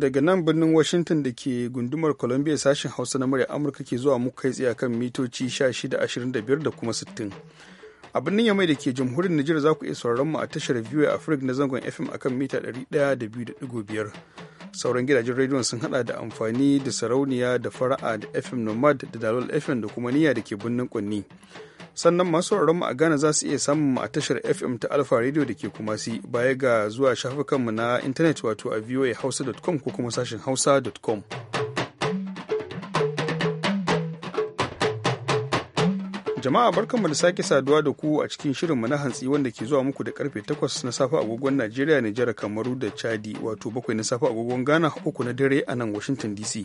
daga nan birnin washington da ke gundumar columbia sashen hausa na murya amurka ke zuwa muku kai tsaye kan mitoci 1625 da kuma 60 a birnin yamai da ke jamhuriyar nijar za ku iya sauraron mu a tashar a afirka na zangon fm akan mita 102.5 sauran gidajen rediyon sun hada da amfani da sarauniya da fara'a da fm nomad da dalol fm da kuma niyya da ke birnin kunni sannan masu mu a Ghana za su iya samun mu a tashar FM ta Alfa Radio da ke kuma si baya ga zuwa shafukanmu na intanet wato a voahausa.com ko kuma sashen hausa.com. Jama'a barkanmu da sake saduwa da ku a cikin shirin na hantsi wanda ke zuwa muku da karfe 8 na safe agogon Najeriya, Nijar, Kamaru da Chadi wato 7 na safe agogon Ghana, 3 na dare a nan Washington DC.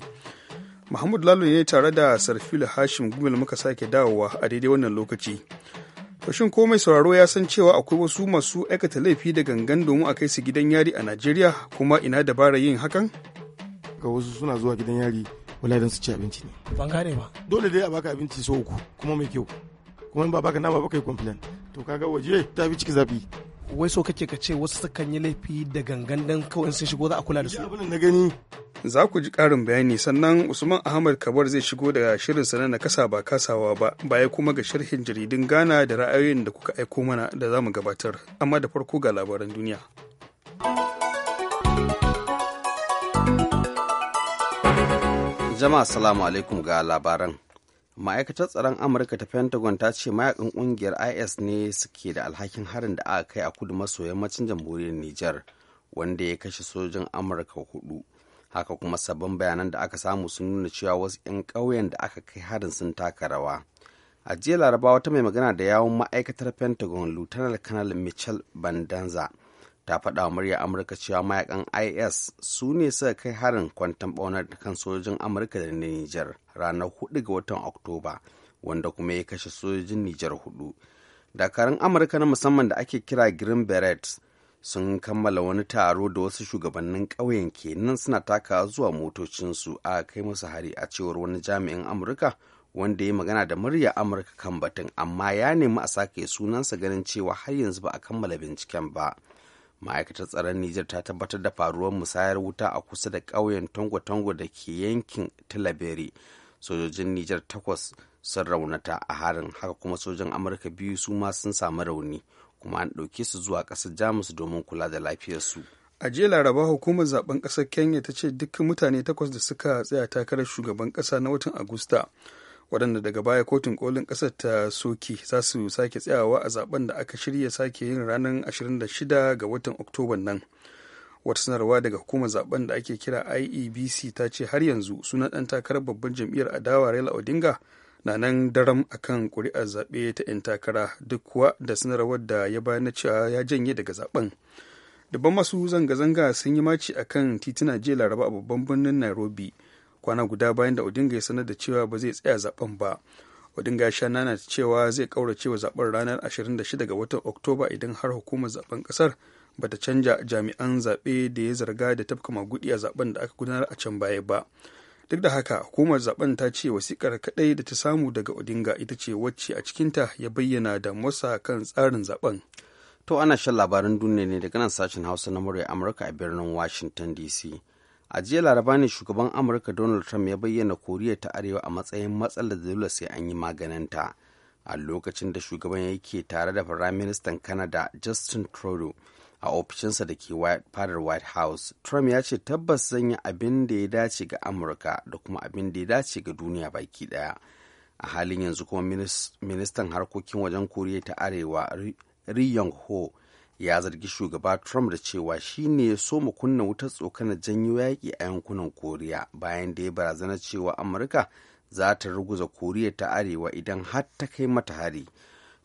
Mahmud Lalo ne tare da Sarfil Hashim Gumel muka sake dawowa a daidai wannan lokaci. Fashin ko mai sauraro ya san cewa akwai wasu masu aikata laifi da gangan domin a kai su gidan yari a Najeriya kuma ina dabara yin hakan? Ga wasu suna zuwa gidan yari wala don su ci abinci ne. Ban gane ba. Dole dai a baka abinci sau uku kuma mai kyau. Kuma in ba baka nama ba kai complain. To kaga waje ta fi ciki zafi. wai so kake ka ce wasu sukan yi laifi da gangan dan kawai sun shigo za a kula da su za ku ji ƙarin bayani sannan usman ahmad kabar zai shigo da sa na kasa ba kasawa ba baya kuma ga sharhin jaridun gana da ra'ayoyin da kuka aiko mana da za mu gabatar amma da farko ga labaran duniya jama'a salamu alaikum ga labaran ma'aikatar tsaron amurka ta pentagon ta ce mayakan kungiyar is ne suke da alhakin harin da aka kai a kudu maso yammacin jamhuriyar niger wanda ya kashe sojin amurka hudu haka kuma sabbin bayanan da aka samu sun nuna cewa wasu 'yan ƙauyen da aka kai harin sun taka rawa a jiya laraba wata mai magana da yawon ma'aikatar pentagon lieutenant colonel michel bandanza ta faɗa wa murya amurka cewa mayakan is su ne suka kai harin kwantan ɓaunar kan sojojin amurka da nijar ranar 4 ga watan oktoba wanda kuma ya kashe sojojin nijar hudu dakarun amurka na musamman da ake kira green beret sun kammala wani taro da wasu shugabannin ƙauyen kenan suna taka zuwa motocinsu a kai musu hari a cewar wani jami'in amurka wanda ya magana da murya amurka kan batun amma ya nemi a sake sunansa ganin cewa har yanzu ba a kammala binciken ba ma'aikatar tsaron nijar ta tabbatar da faruwar musayar wuta a kusa da ƙauyen tango-tango da ke yankin tilaberi sojojin nijar takwas sun raunata a harin haka kuma sojan amurka biyu su ma sun samu rauni kuma an ɗauke su zuwa ƙasar jamus domin kula da lafiyarsu a jiya laraba hukumar zaben ƙasar kenya ta ce dukkan mutane takwas da suka tsaya takarar shugaban ƙasa na watan agusta waɗanda daga baya kotun kolin ƙasar ta soki za su sake tsayawa a zaben da aka shirya sake yin ranar 26 ga watan oktoba nan wata sanarwa daga hukumar zaben da ake kira iebc ta ce har yanzu sunan ɗan takarar babban jam'iyyar adawa raila odinga na nan daram akan kuri'ar zaɓe ta 'yan takara duk kuwa da sanarwar da ya bayar na cewa ya janye daga zaben dubban masu zanga-zanga sun yi maci akan titina jiya laraba a babban birnin nairobi kwana guda bayan da odinga ya sanar da cewa ba zai tsaya zaben ba odinga ya sha nana cewa zai kaurace wa zaben ranar 26 ga watan oktoba idan har hukumar zaben kasar ta canja jami'an zaɓe da ya zarga da tafka magudi a zaben da aka gudanar a can baya ba duk da haka hukumar zaben ta ce wasikar kaɗai da ta samu daga odinga ita ce wacce a cikinta ya bayyana da masa kan tsarin zaben to ana shan labaran duniya ne daga nan sashen hausa na murya amurka a birnin washington dc a jiya laraba ne shugaban amurka donald trump ya bayyana koriya ta arewa a matsayin matsalar da dole sai an yi maganinta a lokacin da shugaban yake tare da firaministan canada justin trudeau a ofishinsa da ke fadar white house trump ya ce tabbas zan yi abin da ya dace ga amurka da kuma abin da ya dace ga duniya baki daya a halin yanzu kuma ministan harkokin wajen koriya ta arewa ri yong ho ya zargi shugaba trump da cewa shi ne ya so mu kunna wutar tsokanar janyo yaƙi a yankunan koriya bayan da ya barazana cewa amurka za ta ruguza koriya ta arewa idan har ta kai mata hari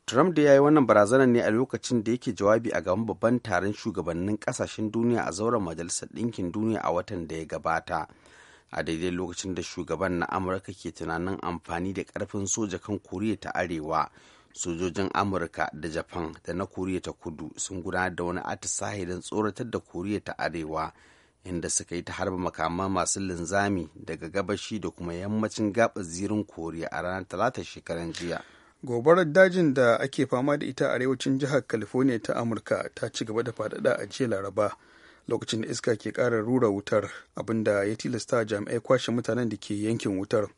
trump da ya yi wannan barazana ne a lokacin da yake jawabi a gaban babban taron shugabannin kasashen duniya a zauren majalisar ɗinkin duniya a watan da ya gabata a daidai lokacin da shugaban na amurka ke tunanin amfani da ƙarfin soja kan koriya ta arewa sojojin amurka da japan da na koriya ta kudu sun gudanar da wani atisaye don tsoratar da koriya ta arewa inda suka yi ta harba makaman masu linzami daga gabashi da kuma yammacin gabar zirin koriya a ranar talata shekaran jiya gobarar dajin da ake fama da ita a arewacin jihar california ta amurka ta ci gaba da faɗaɗa a jiya laraba lokacin da iska ke kara rura wutar abinda ya tilasta jami'ai kwashe mutanen da ke yankin wutar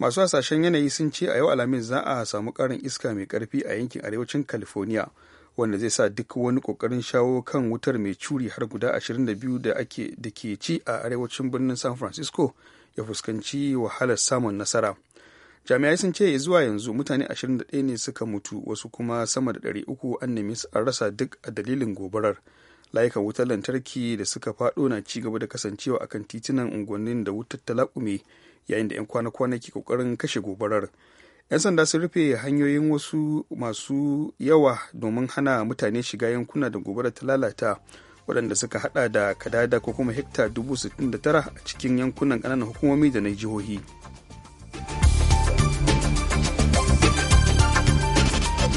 masu hasashen yanayi sun ce a yau alhamis za a samu karin iska mai karfi a yankin arewacin california wanda zai sa duk wani kokarin shawo kan wutar mai curi har guda 22 da ake ke ci a arewacin birnin san francisco ya fuskanci wahalar samun nasara jami'ai sun ce zuwa yanzu mutane 21 ne suka mutu wasu kuma sama da 300 an nemi an rasa duk a dalilin gobarar layukan wutar lantarki da suka faɗo na ci gaba da kasancewa akan titunan unguwannin da wutar ta laƙume yayin da 'yan kwana-kwana ke ƙoƙarin kashe gobarar 'yan sanda sun rufe hanyoyin wasu masu yawa domin hana mutane shiga yankuna da gobarar ta lalata waɗanda suka hada da kadada ko kuma hekta 69 a cikin yankunan ƙananan hukumomi da na jihohi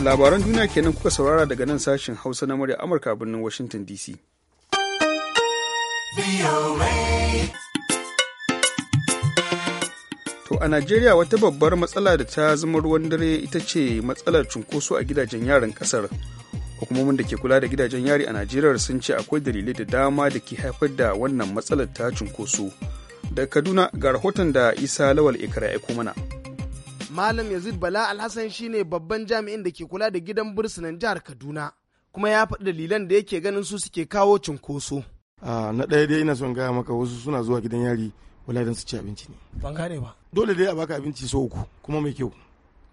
labaran duniya kenan kuka saurara daga nan sashen hausa na murya amurka birnin washington dc To a Najeriya wata babbar matsala da ta zama ruwan dare ita ce matsalar cunkoso a gidajen yaran kasar. Hukumomin da ke kula da gidajen yari a Najeriya sun ce akwai dalilai da dama da ke haifar da wannan matsalar ta cunkoso. Da Kaduna ga rahoton da Isa Lawal ikara ya mana. Malam Yazid Bala Alhassan shine babban jami'in da ke kula da gidan bursunan jihar Kaduna kuma ya faɗi dalilan da yake ganin su suke kawo cunkoso. na ɗaya dai ina son gaya maka wasu suna zuwa gidan yari wala don su ci abinci ne. Ban gane ba. Dole dai a baka abinci so uku kuma mai kyau.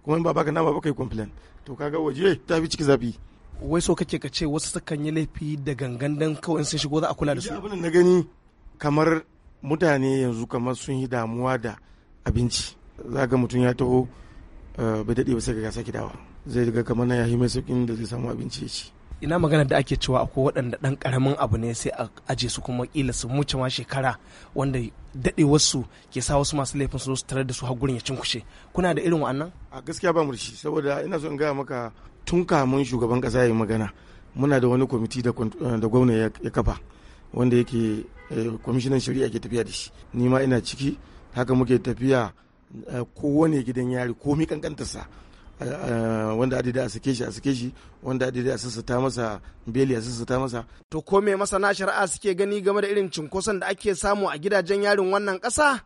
Kuma in ba baka nama baka yi complain. To kaga waje ta fi ciki zafi. Wai so kake ka ce wasu sukan yi laifi da gangan dan kawai sun shigo za a kula da su. Abin na gani kamar mutane yanzu kamar sun yi damuwa da abinci. za ga mutum ya taho eh, bai daɗe ba sai ga sake dawa zai ga kamar na yahi mai sauƙin da zai samu abinci ya ci ina magana da ake cewa akwai waɗanda ɗan ƙaramin abu ne sai a aje su kuma ƙila su muce ma shekara wanda daɗe wasu ke sa wasu masu laifin su zo su tarar da su har gurin ya cinkushe kuna da irin wa'annan a gaskiya ba murshi saboda ina so in gaya maka tun kamun shugaban ƙasa ya magana muna da wani kwamiti da eh, gwamna ya kafa wanda yake eh, kwamishinan shari'a ke tafiya da shi ni ma ina ciki haka muke tafiya kowane gidan yari komi kankantarsa wanda adida a sake shi a sake shi wanda adida a sassata masa beli a sassata masa to ko me masana shari'a suke gani game da irin cinkoson da ake samu a gidajen yarin wannan kasa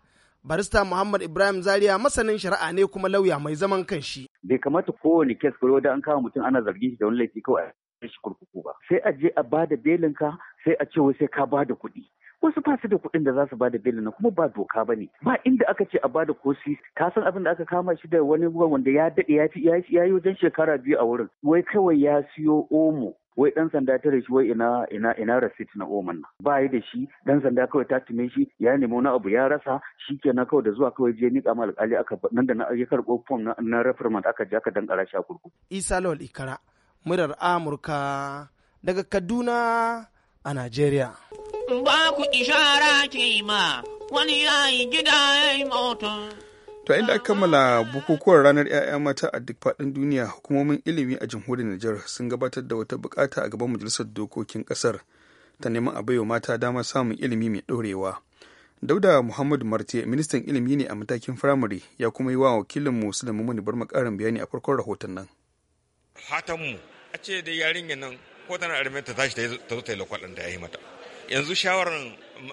barista muhammad ibrahim zaria masanin shari'a ne kuma lauya mai zaman kanshi bai kamata kowane kes kuro da an kama mutum ana zargi shi da wani laifi kawai shi kurkuku ba sai a je a bada belinka sai a ce wai sai ka bada kuɗi wasu ba su da kuɗin da za su ba bada na kuma ba doka ba ne ba inda aka ce a bada kosi ka san abin da aka kama shi da wani ruwa wanda ya daɗe ya fi ya yi wajen shekara biyu a wurin wai kawai ya siyo omo wai dan sanda ta rashi wai ina rasit ina receipt na oman ba yi da shi dan sanda kawai ta tume shi ya nemi wani abu ya rasa shi shikenan kawai da zuwa kawai je ni kama alƙali aka nan da na ya karɓo form na, na referment aka je aka dan shi a kurkuku Isa Lawal Ikara murar Amurka daga Kaduna a Najeriya ba ku ishara ke ma wani yayi gida ya yi To inda aka kammala bukukuwar ranar 'ya'ya mata a duk faɗin duniya hukumomin ilimi a jamhuriyar Nijar sun gabatar da wata bukata a gaban majalisar dokokin ƙasar ta neman a baiwa mata damar samun ilimi mai ɗorewa. Dauda Muhammad Marte ministan ilimi ne a matakin firamare ya kuma yi wa wakilin mu da Mani bar makarin bayani a farkon rahoton nan. Fatanmu a ce da yarinya nan ko tana ta tashi ta zo ta yi da ya yi mata. yanzu shawarar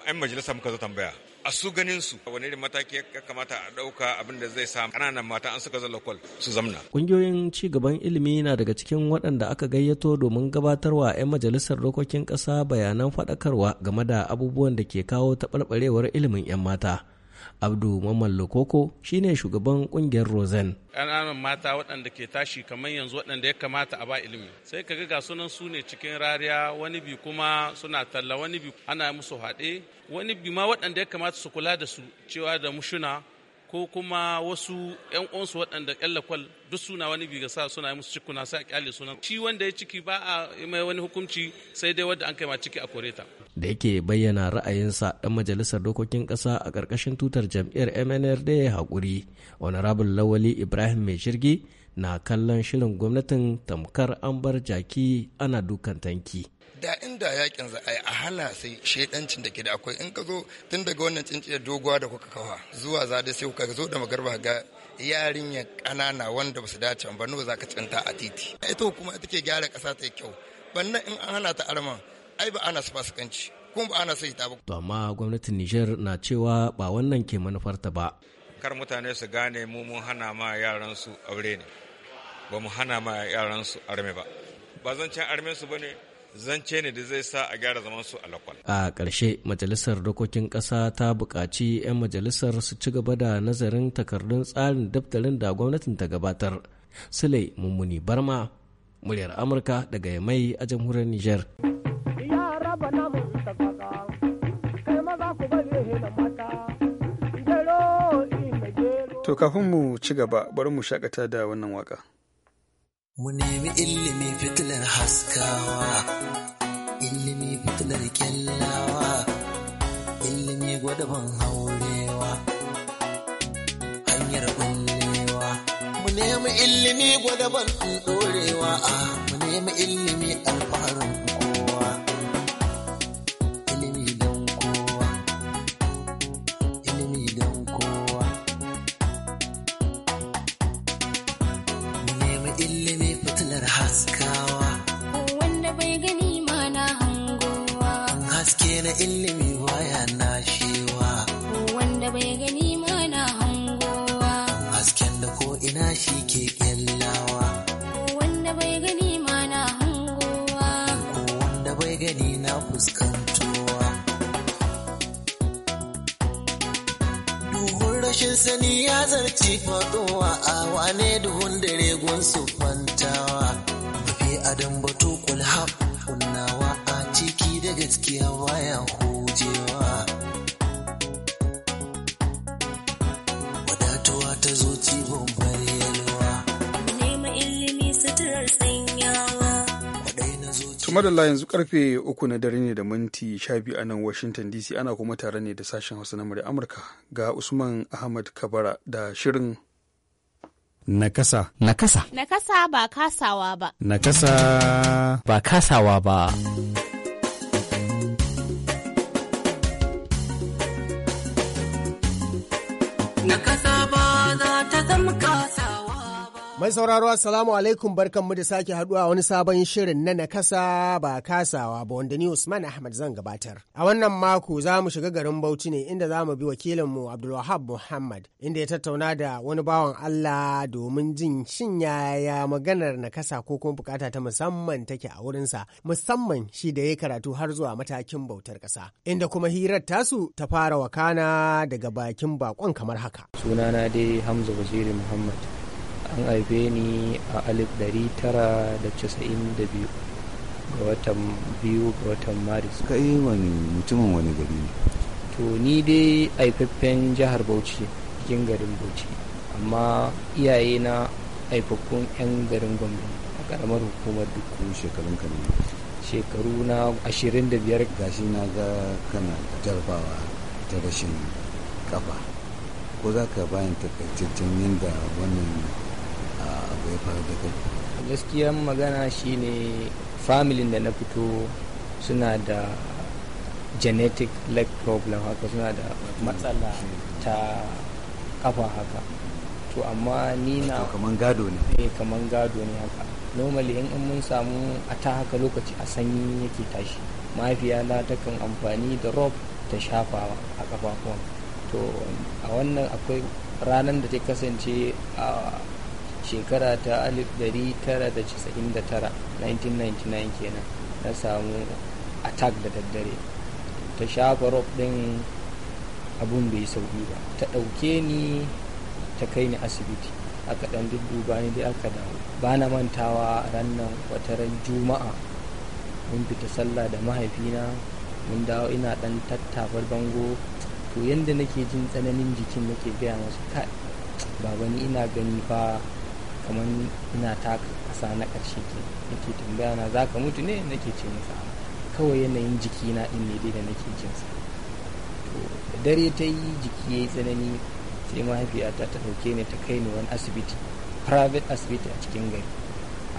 'yan majalisa muka zo tambaya a su ganin su wani irin mataki ya kamata a ɗauka abin da zai sa kananan mata an suka zalla kwal su zamna. Ƙungiyoyin ci gaban ilimi na daga cikin waɗanda aka gayyato domin gabatarwa 'yan majalisar dokokin ƙasa bayanan faɗakarwa game da abubuwan da ke kawo taɓarɓarewar ilimin 'yan mata. abdu mamman lokoko shine shugaban kungiyar rosen ƙananan mata waɗanda ke tashi kamar yanzu waɗanda ya kamata a ba ilimi sai ka ga sunan su ne cikin rariya wani bi kuma suna talla wani bi ana musu haɗe wani bi ma waɗanda ya kamata su kula da su cewa da mushuna ko kuma wasu yan uwansu waɗanda ƙyalla kwal duk suna wani biga sa suna yi musu cikuna sai a ƙyale sunan shi wanda ya ciki ba a mai wani hukunci sai dai wanda an kai ma ciki a koreta da yake bayyana ra'ayinsa ɗan majalisar dokokin ƙasa a ƙarƙashin tutar jam'iyyar mnrd ya haƙuri honorable lawali ibrahim mai shirgi na kallon shirin gwamnatin tamkar an bar jaki ana dukan tanki da inda yakin za a yi a hala sai shedancin da ke da akwai in ka zo tun daga wannan cinciyar doguwa da kuka kawa zuwa da sai kuka zo da magarba ga yarinya kanana wanda ba su dace ba nawa za ka cinta a titi ita kuma ita ke gyara kasa ta kyau banna in an hana ta arman ai ba ana su fasikanci kuma ba ana sai ta ba. To amma gwamnatin Nijar na cewa ba wannan ke manufarta ba. Kar mutane su gane mu mun hana ma yaran su aure ne. Ba mu hana ma yaran su arme ba. Ba zancen arme su bane zance ne da zai sa a gyara zaman su alakwal. A ƙarshe majalisar dokokin ƙasa ta buƙaci 'yan majalisar su ci gaba da nazarin takardun tsarin daftarin da gwamnatin ta gabatar. Sule Mummuni Barma, muryar Amurka daga mai a jamhuriyar Nijar. To kafin mu ci gaba bari mu shakata da wannan waka. Mu nemi ilimi fitilar haskawa, ilimi fitilar kyallawa, ilimi gwadaban haurewa, hanyar bullewa. Mu nemi ilimi gwadaban ɗorewa, ah, mu nemi ilimi alfaharin sani ya zarci faɗowa a wane duhun regon su kwantawa mafi adam batu kulhab kunnawa a ciki da gaskiya baya madalla yanzu karfe uku na dare ne da minti sha biyu a nan Washington DC ana kuma tare ne da sashen Hausa na murya Amurka ga Usman Ahmad Kabara da shirin Nakasa. Nakasa. Nakasa ba kasawa ba. Nakasa ba kasawa ba. Nakasa ba Mai sauraro Assalamu alaikum barkanmu da sake haduwa wani sabon shirin na nakasa ba kasawa ba wanda ni Usman Ahmad zan gabatar. A wannan mako za mu shiga garin Bauchi ne inda za mu bi wakilinmu Abdulwahab Muhammad inda ya tattauna da wani bawan Allah domin jin shin yaya maganar nakasa ko kuma bukata ta musamman take a wurinsa musamman shi da ya karatu har zuwa matakin bautar kasa. Inda kuma hirar tasu ta fara wakana daga bakin bakon kamar haka. Sunana dai Hamza Waziri Muhammad. an haife ni a 1992 ga watan biyu ga watan maris ka yi wani mutumin wani gari ne to ni dai aifaffen jihar bauchi cikin garin bauchi amma iyaye na aifaffun 'yan garin gombe a karamar hukumar duk shekarun ne. shekaru na 25 gashi na ga kana jarbawa ta rashin kafa ko za ka bayan takaitaccen yadda wannan abu ya faru da kai gaskiyan magana shine familin da na fito suna da genetic leg problem haka suna da matsala ta kafa haka to amma ni na kaman gado ne eh kaman gado ne haka normally in mun samu a ta haka lokaci a sanyi yake tashi mafiya na takan amfani da rob ta shafawa a kafafuwan to a wannan akwai ranar da ta kasance a shekara ta 1999 1999 kenan na samu attack da daddare ta shafa rob din abun bai sauki ba ta ɗauke ni ta kai ni asibiti aka ɗan dudduba ni dai aka dawo ba na mantawa wata ran juma'a mun fita sallah da mahaifina mun dawo ina dan tattafar bango to yadda nake jin tsananin jikin nake gaya masu kai baba ni ina gani fa kamar ina taka kasa na ƙarshe ke nake tambaya na za mutu ne nake ce masa kawai yanayin jiki na din ne da nake sa to dare ta yi jiki ya tsanani sai mahaifiyata ta ɗauke ni ta kai ni wani asibiti private asibiti a cikin gari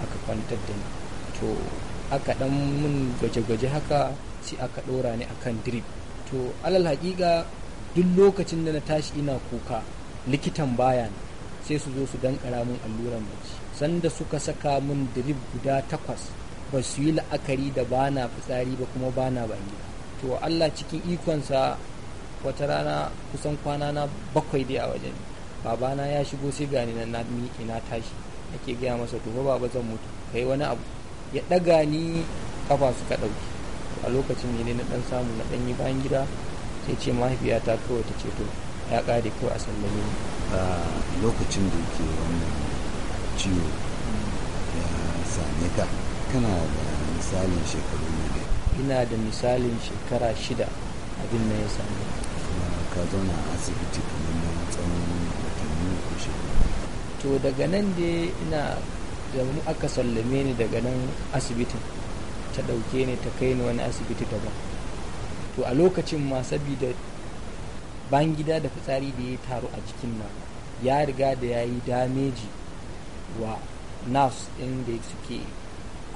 aka kwantar da ni to aka ɗan mun gwaje-gwaje haka sai aka dora ni akan drip to alal haƙiƙa duk lokacin da na tashi ina kuka likitan baya sai su zo su dan mun alluran bacci sanda suka saka mun drip guda takwas ba su yi la'akari da ba na fitsari ba kuma bana ban gida to Allah cikin ikonsa wata rana kusan kwana na bakwai dai a wajen babana ya shigo sai gani na na miƙe na tashi ake gaya masa to baba zan mutu kai wani abu ya ɗaga ni kafa suka ɗauki a lokacin ne na ɗan samu na ɗan yi bayan gida sai ce mahaifiyata kawai ta ce to ya kare ko a sallame lokacin da ke wannan ciwo ya same ka kana da misalin shekaru ne ina da misalin shekara shida abin na ya same ka zauna a asibiti kamar na tsawon watanni ko shekaru to daga nan da ina zaune aka sallame ni daga nan asibitin ta ɗauke ni ta kai ni wani asibiti daban to a lokacin ma sabida bayan gida da fitsari da ya taru a cikin nan ya riga da ya yi dameji wa nas ɗin da suke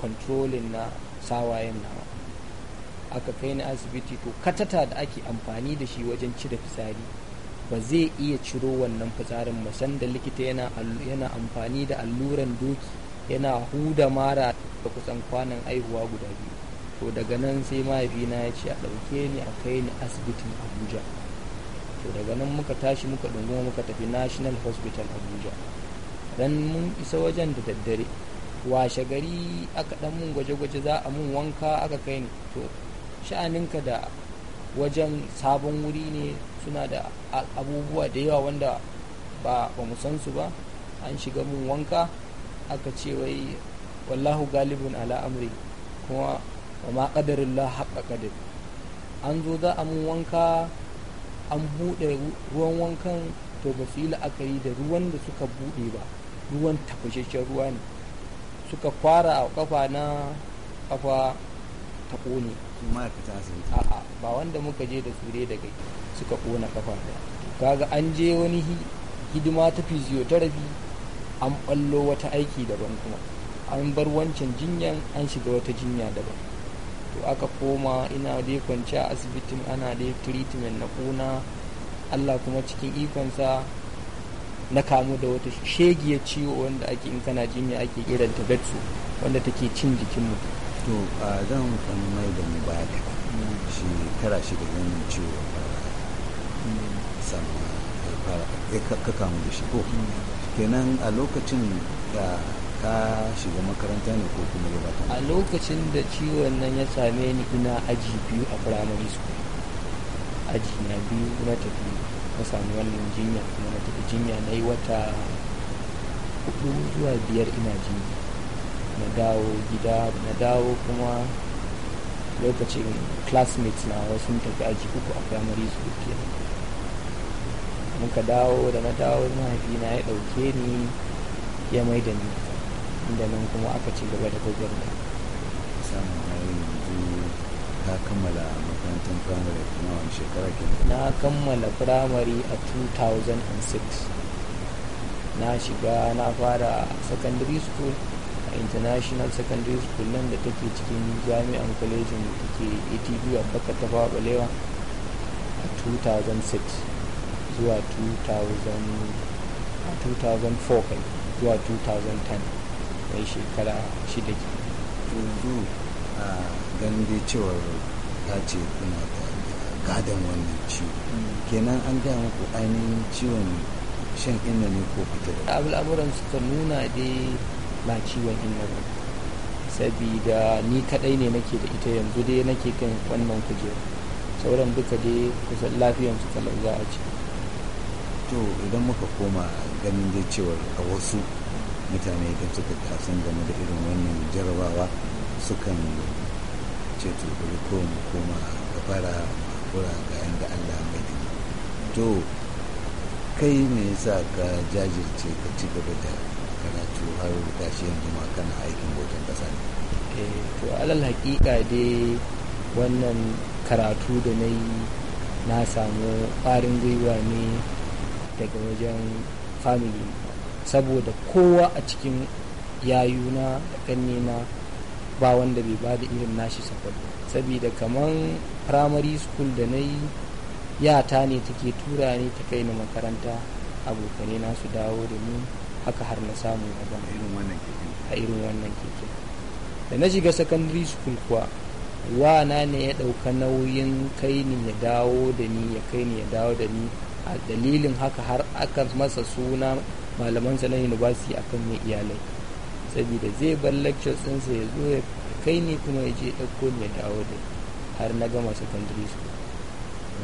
kontrolin na sawayen nawa aka kai ni asibiti to katata da ake amfani da shi wajen cire fitsari ba zai iya ciro wannan fitsarin musan da likita yana, yana amfani da alluran doki yana huda mara da kusan kwanan aihuwa guda biyu to daga nan sai mahaifina ya ce a ɗauke ni a kai ni asibitin abuja to daga nan muka tashi muka dunguma muka tafi national hospital abuja dan mun isa wajen da daddare washe gari aka ɗan mun gwaje-gwaje za a mun wanka aka kai ni to sha'aninka da wajen sabon wuri ne suna da abubuwa da yawa wanda ba ba mu san su ba an shiga mun wanka aka ce wai wallahu galibun ala amri kuma wa ma qadarillah haqqa qadir an zo za a mun wanka an buɗe ruwan wankan to ba su yi la'akari da ruwan da suka buɗe ba ruwan tafashashen ruwa ne suka fara a kafa na kafa ta ƙone a'a ba wanda muka je da tsire daga suka ƙona kafa ba kaga an je wani hidima ta physiotherapy an ɓallo wata aiki daban kuma an bar wancan jinyan an shiga wata jinya daban to aka koma ina dai kwanci a asibitin ana dai treatment na kuna allah kuma cikin ikonsa na kamu da wata shegiyar ciwo wanda ake in kana jinya ake irin ta betsu wanda take cin jikin mutum to a zan kan mai da mu baya kaɗan shi da wannan ciwo sama ya kamu da shi ko mm. kenan a lokacin da ka shiga makaranta ne ko kuma gabata a lokacin da ciwon nan ya same ni ina aji biyu a primary school aji na biyu na tafi na sami wannan jinya kuma na tafi jinya na yi wata hudu zuwa biyar ina jinya na dawo gida na dawo kuma lokacin classmates na wasu tafi aji uku a primary school ke muka dawo da na dawo mahaifina ya ɗauke ni ya mai da ni inda nan kuma aka ci gaba da gwagwarmaya samun ayyukan yanzu ta kammala makarantar firamare kuma wani shekara ke na kammala firamare a 2006 na shiga na fara secondary school a international secondary school nan da take cikin jami'an kwalejin da take atb a baka ta balewa a 2006 zuwa 2004 zuwa 2010 mai shekara shida ke tuzu a ganin dai cewar ta ce kuna da gadon wannan ciwo mm. kenan an gaya muku ainihin ciwon shan inna ne ko fita abu-abu-abu al'amuran suka nuna dai ba ciwon inna ba sabida ni kadai ne nake da ita yanzu dai nake kan wannan kujera sauran duka dai kusan su kalar za a ce to idan muka koma ganin dai cewar a wasu mutane idan suka kasan game da irin wannan jarabawa sukan ce to ko mu koma fara makura ga yanda allah mai to kai me yasa ka jajirce ka ci gaba da karatu har gashi yanzu ma kana aikin bautan kasa ne eh, to alal hakika dai wannan karatu da na yi na samu ƙwarin gwiwa ne daga wajen family saboda kowa a cikin yayuna da na ba wanda bai ba da irin nashi sakon saboda kamar primary school da na yi yata ne take tura ne ta kai ni makaranta abokane na su dawo da ni haka har na samu a irin wannan keke da na shiga secondary school kuwa na ne ya ɗauka nauyin kai ni ya dawo da ni ya kai ni ya dawo da ni a dalilin haka har aka masa suna malamansa na university kan mai iyalai saboda zai bar lectures ɗinsa ya zo ya kai ni kuma ya je ɗauko ni ya dawo da har na gama secondary school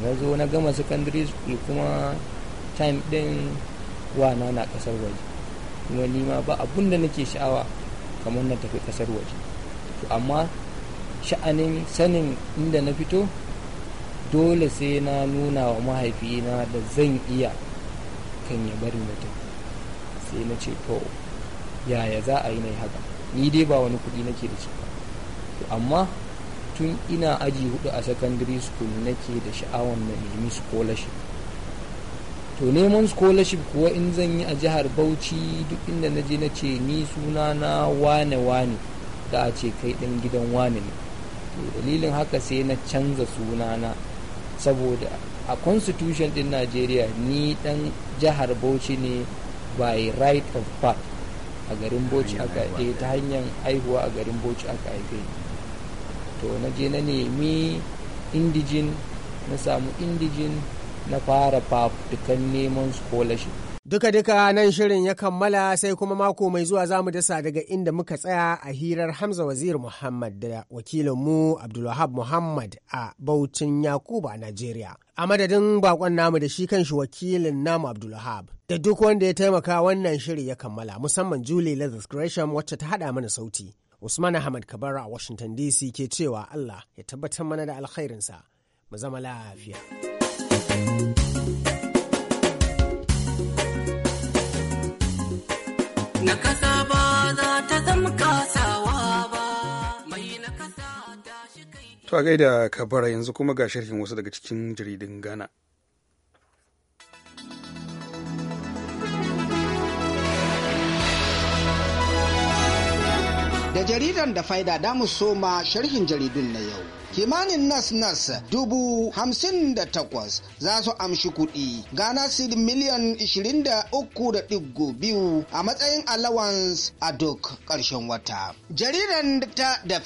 na zo na gama secondary school kuma time ɗin wana na ƙasar waje kuma ni ma ba abun da nake sha'awa kamar na tafi ƙasar waje to amma sha'anin sanin inda na fito dole sai na nuna wa mahaifina da zan iya kan ya bari mutum sai na ce to yaya za a yi na yi haka ni dai ba wani kuɗi nake da shi ba amma tun ina aji hudu a secondary school nake da sha'awar na nemi scholarship to neman scholarship kuwa in zan yi a jihar bauchi duk inda na je na ce ni suna na wane wane da a ce kai ɗan gidan wane ne to dalilin haka sai na canza suna na saboda a constitution din najeriya ni ɗan jihar bauchi ne by right of birth a garin boci aka eh, ta hanyar aihuwa a garin boci aka haife to na je na nemi indijin na samu indijin na fara fafutukan neman scholarship Duka-duka nan shirin ya kammala sai kuma mako mai zuwa zamu dasa daga inda muka tsaya a hirar Hamza Wazir Muhammad da wakilinmu Abdulwahab Muhammad a Bautin Yakuba a Najeriya. A madadin bakon namu da shi kan shi wakilin namu Abdulwahab da duk wanda ya taimaka wannan shiri ya kammala musamman Julie Lazarus Gresham wacce ta haɗa mana sauti. Usman Ahmad Kabara a Washington DC ke cewa Allah ya tabbatar mana da alkhairinsa. Mu zama lafiya. na ba za ta ba mai na to a gaida kabara yanzu kuma ga sharhin wasu daga cikin jaridun gana. Da jaridan da faida damu soma sharhin jaridun na yau. kimanin nas nas dubu hamsin da takwas za su amshi kuɗi ghana seed miliyan ishirin da uku da ɗigo biyu a matsayin allowance a duk ƙarshen wata jaridan ta da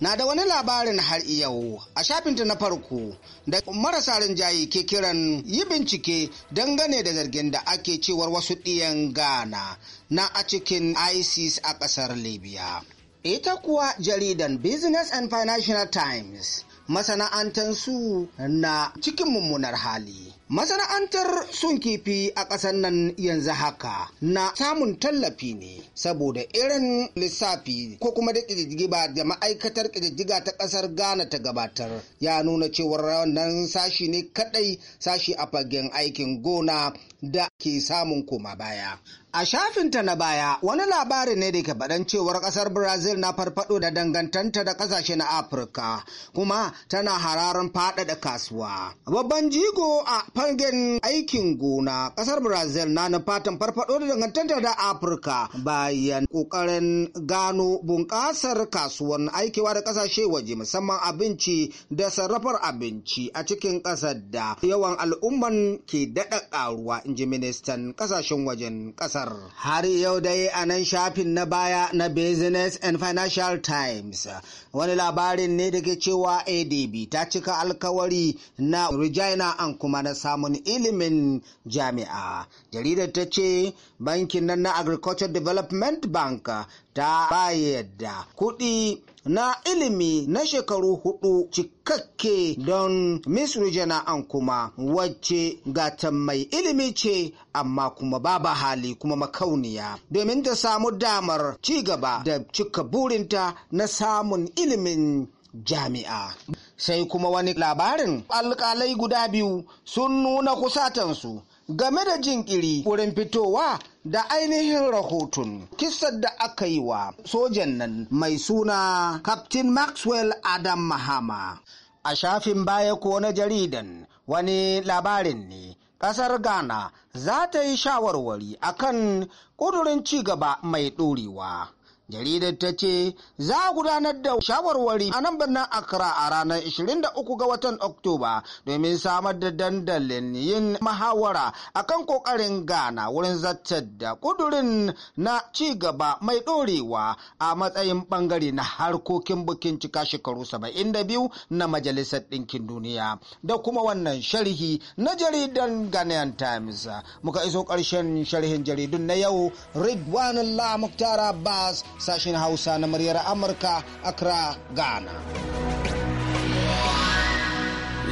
na da wani labarin har yau a shafinta na farko da marasa rinjaye ke kiran yi bincike dangane da zargin da ake cewar wasu ɗiyan ghana na a cikin isis a ƙasar libya Ita kuwa jaridan Business and Financial Times Masana'antar su na cikin mummunar hali. Masana'antar sun kifi a ƙasar nan yanzu haka na samun tallafi ne saboda irin lissafi ko kuma da ƙididdiga da ma'aikatar ƙididdiga ta ƙasar Ghana ta gabatar ya nuna cewar wannan sashi ne kaɗai sashi a fagen aikin gona da ke samun koma baya. A shafinta na baya, wani labari ne da ke faɗan cewar ƙasar Brazil na farfaɗo da dangantanta da ƙasashe na Afirka, kuma tana hararin faɗaɗa kasuwa. Babban jigo a fangen aikin gona, ƙasar Brazil na nufatan farfaɗo da dangantanta da Afirka bayan ƙoƙarin gano bunƙasar kasuwan aikewa da ƙasashe waje musamman abinci da sarrafar abinci a cikin ƙasar da yawan al'umman ke daɗa ƙaruwa, in ji ministan ƙasashen wajen ƙasar. cewar har yau dai a nan shafin na baya na business and financial times wani labarin ne da ke cewa adb ta cika alkawari na regina an kuma na samun ilimin jami'a jaridar ta ce bankin nan na agriculture development bank ta bayar da kuɗi na ilimi na shekaru hudu cikakke don Miss Jana'an kuma wacce gata mai ilimi ce amma kuma babu hali kuma makauniya domin ta samu damar cigaba da cika burinta na samun ilimin jami'a. Sai kuma wani labarin alkalai guda biyu sun nuna kusatansu. game da jinkiri wurin fitowa da ainihin rahoton kisar da aka yi wa sojan nan mai suna captain maxwell adam mahama a shafin baya ko na jaridan wani labarin ne ƙasar ghana za ta yi shawarwari akan ƙudurin cigaba mai ɗorewa jaridar ta ce za a gudanar da shawarwari a nan birnin accra a ranar 23 ga watan oktoba domin samar da dandalin yin mahawara kan kokarin gana wurin zartar da kudurin na ci gaba mai ɗorewa a matsayin bangare na harkokin bukin cika shekaru 72 na majalisar ɗinkin duniya da kuma wannan sharhi na jaridar ghanaian times muka iso ƙarshen sharhin jaridun na yau ridwanullah muktara Bas. sashen Hausa na muryar Amurka Accra, Ghana.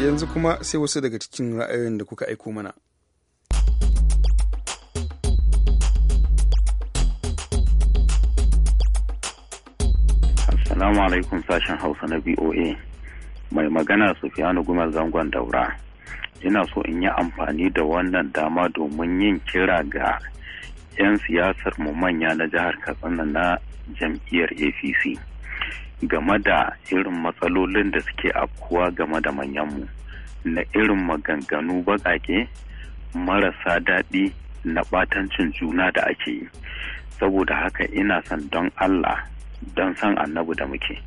Yanzu kuma sai wasu daga cikin ra'ayoyin da kuka aiko mana. Assalamu alaikum sashen Hausa na BOA. Mai magana Sufiyanu Gumar Zangon Daura. ina so in yi amfani da wannan dama domin yin kira ga 'yan siyasar mu manya na jihar katsina na jam'iyyar apc game da irin matsalolin da suke afkuwa game da manyanmu na irin maganganu baƙaƙe marasa daɗi na ɓatancin juna da ake yi saboda haka ina son don allah don san annabi da muke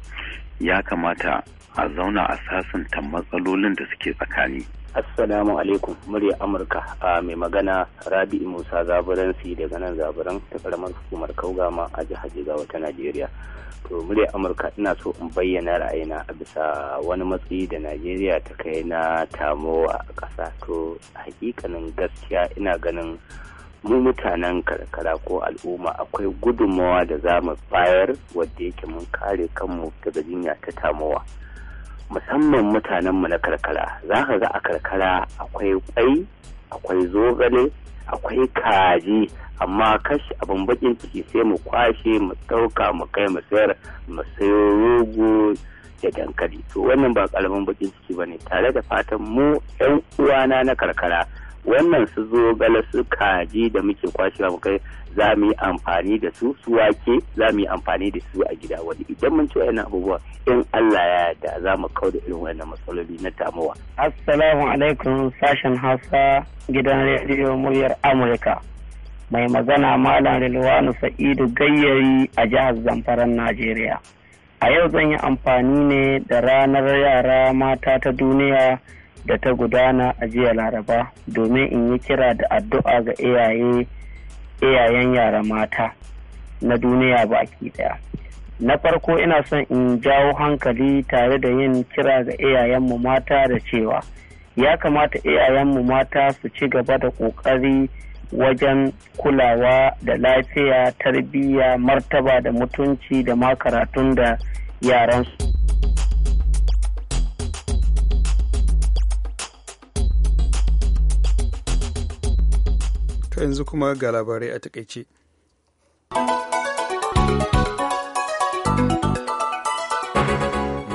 ya kamata a zauna a sasanta matsalolin da suke tsakani Assalamu alaikum murya Amurka a mai magana Rabi'u Musa si daga nan Zaburan ta karamar hukumar Kaugama a jihar Jigawa ta Najeriya. To murya Amurka ina so in bayyana ra'ayina a bisa wani matsayi da Najeriya ta kai na tamowa a ƙasa. To hakikanin gaskiya ina ganin mu mutanen karkara ko al'umma akwai gudunmawa da za mu bayar wadda yake mun kare kanmu daga jinya ta tamowa. musamman mutanen mu na karkara za ka ga a karkara akwai kwai akwai zogale akwai kaji amma kashi abin bakin ciki sai mu kwashe mu ɗauka mu kai mu sayar mu sayo rogo da dankali to wannan ba karamin bakin ciki ba ne tare da fatan mu 'yan uwana na karkara wannan su zo gala su kaji da muke kwashewa mu kai za mu yi amfani da su su wake za mu yi amfani da su a gida wani idan mun ci wayannan abubuwa in Allah ya yarda za mu kau da irin wannan matsaloli na tamuwa assalamu alaikum sashen Hausa gidan rediyo muryar Amurka mai magana malam Rilwanu Sa'idu Gayyari a jihar Zamfara Najeriya a yau zan yi amfani ne da ranar yara mata ta duniya da ta gudana a jiya laraba domin in yi kira da addu'a ga iyayen yara mata na duniya baki daya na farko ina son in jawo hankali tare da yin kira ga iyayenmu mata da cewa ya kamata iyayenmu mata su ci gaba da ƙoƙari wajen kulawa da lafiya tarbiyya martaba da mutunci da ma karatun da yaransu. to yanzu kuma ga labarai a takaice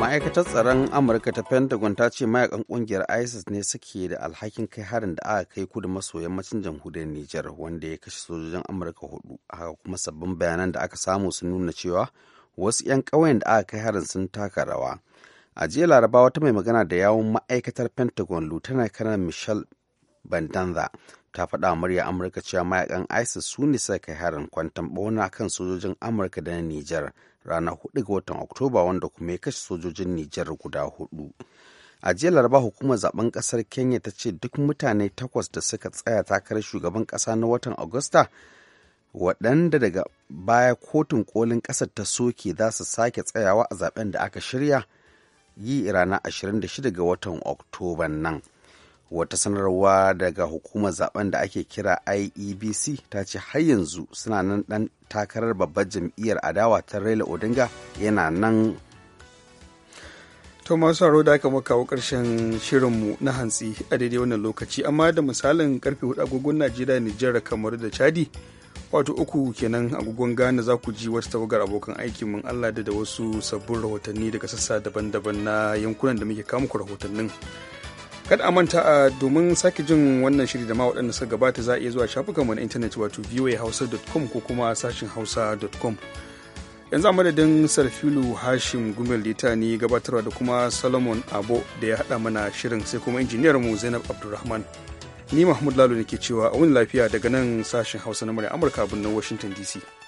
ma'aikatar tsaron amurka ta pentagon ta ce mayakan kungiyar isis ne suke da alhakin kai harin da aka kai kudu maso yammacin jamhuriyar nijar wanda ya kashe sojojin amurka hudu haka kuma sabbin bayanan da aka samu sun nuna cewa wasu 'yan ƙauyen da aka kai harin sun taka rawa a jiya laraba wata mai magana da yawon ma'aikatar pentagon lieutenant colonel michelle bandanza ta faɗa murya amurka cewa mayakan isis su ne suka kai harin kwantan bauna kan sojojin amurka da na nijar ranar hudu ga watan oktoba wanda kuma ya kashe sojojin nijar guda hudu a jiya laraba hukumar zaben kasar kenya ta ce duk mutane takwas da suka tsaya takarar shugaban kasa na watan agusta waɗanda daga baya kotun kolin ƙasar ta soke za su sake tsayawa a zaben da aka shirya yi ranar 26 ga watan oktoba nan wata sanarwa daga hukumar zaben da ake kira iebc ta ce har yanzu suna nan dan takarar babbar jam'iyyar adawa ta raila odinga yana nan to masu saro da aka makawo karshen shirinmu na hantsi a daidai wannan lokaci amma da misalin karfe hudu agogon najeriya nijar kamar da chadi wato uku kenan agogon ghana za ku ji wasu tawagar abokan aiki mun allah da wasu sabbin rahotanni daga sassa daban-daban na yankunan da muke kamuku rahotannin kada a manta a domin sake jin wannan shiri da ma waɗanda suka gabata za a iya zuwa shafukanmu na intanet wato voahausa.com ko kuma sashin hausa.com yanzu a madadin sarfilu hashim gumel lita ne gabatarwa da kuma solomon abo da ya haɗa mana shirin sai kuma injiniyar mu zainab abdulrahman ni mahmud lalo ne ke cewa a wani lafiya daga nan sashin hausa na murya amurka birnin washington dc